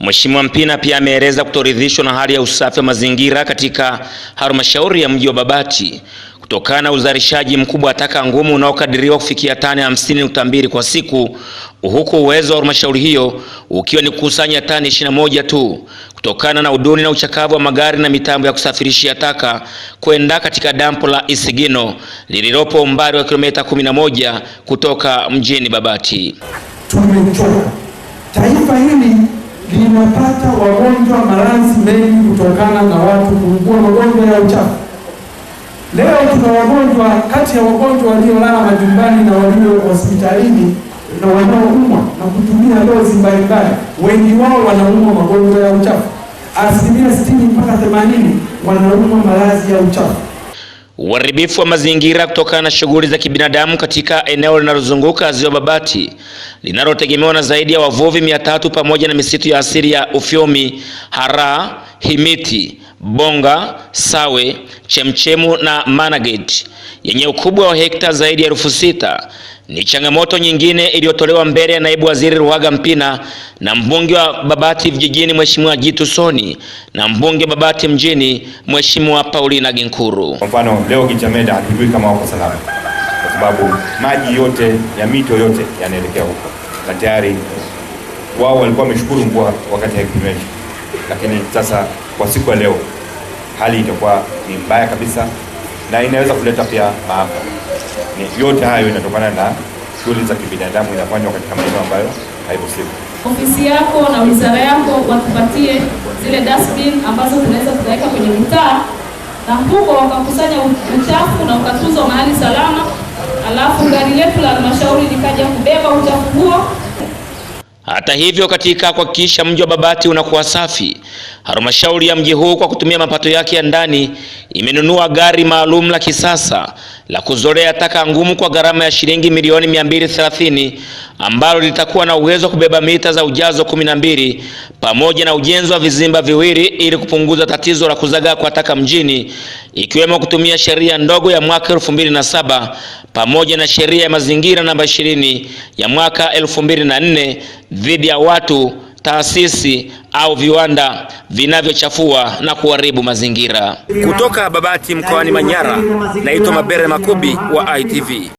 Mheshimiwa Mpina pia ameeleza kutoridhishwa na hali ya usafi wa mazingira katika halmashauri ya mji wa Babati kutokana na uzalishaji mkubwa wa taka ngumu unaokadiriwa kufikia tani mbili kwa siku, huku uwezo wa halmashauri hiyo ukiwa ni kukusanya tani 21 tu kutokana na uduni na uchakavu wa magari na mitambo ya kusafirishia taka kwenda katika dampo la Isigino lililopo umbali wa kilomita 11 kutoka mjini Babati. Tumechoka taifa hili linapata wagonjwa maradhi mengi kutokana na watu kuugua magonjwa ya uchafu. Leo tuna wagonjwa, kati ya wagonjwa waliolala majumbani na walio hospitalini na wanaoumwa na kutumia dozi mbalimbali, wengi wao wanaumwa magonjwa ya uchafu. Asilimia sitini mpaka themanini wanaumwa maradhi ya uchafu. Uharibifu wa mazingira kutokana na shughuli za kibinadamu katika eneo linalozunguka ziwa Babati linalotegemewa na zaidi ya wavuvi mia tatu pamoja na misitu ya asili ya Ufyomi, Haraa, Himiti, Bonga, Sawe, Chemchemu na managet yenye ukubwa wa hekta zaidi ya elfu sita ni changamoto nyingine iliyotolewa mbele ya naibu waziri ruhaga Mpina na mbunge wa Babati vijijini Mheshimiwa Jitu Soni na mbunge wa Babati mjini Mheshimiwa Paulina Ginkuru. Kwa mfano leo Kinchameda hatujui kama wako salama, kwa sababu maji yote ya mito yote yanaelekea huko, na tayari wao walikuwa wameshukuru mvua wakati haikunyesha, lakini sasa kwa siku ya leo hali itakuwa ni mbaya kabisa na inaweza kuleta pia maafa. Ni yote hayo inatokana na shughuli za kibinadamu inafanywa katika maeneo ambayo haihusika. Ofisi yako na wizara yako watupatie zile dustbin ambazo tunaweza kuweka kwenye mitaa na huko wakakusanya uchafu na ukatuzwa mahali salama, alafu gari letu la halmashauri likaja kubeba uchafu huo. Hata hivyo, katika kuhakikisha mji wa Babati unakuwa safi, halmashauri ya mji huu kwa kutumia mapato yake ya ndani imenunua gari maalum la kisasa la kuzolea taka ngumu kwa gharama ya shilingi milioni 230 ambalo litakuwa na uwezo wa kubeba mita za ujazo 12 pamoja na ujenzi wa vizimba viwili ili kupunguza tatizo la kuzagaa kwa taka mjini, ikiwemo kutumia sheria ndogo ya mwaka 2007 pamoja na sheria ya mazingira namba 20 ya mwaka 2004 dhidi ya watu taasisi au viwanda vinavyochafua na kuharibu mazingira. Kutoka Babati mkoani Manyara, naitwa Mabere Makubi wa ITV.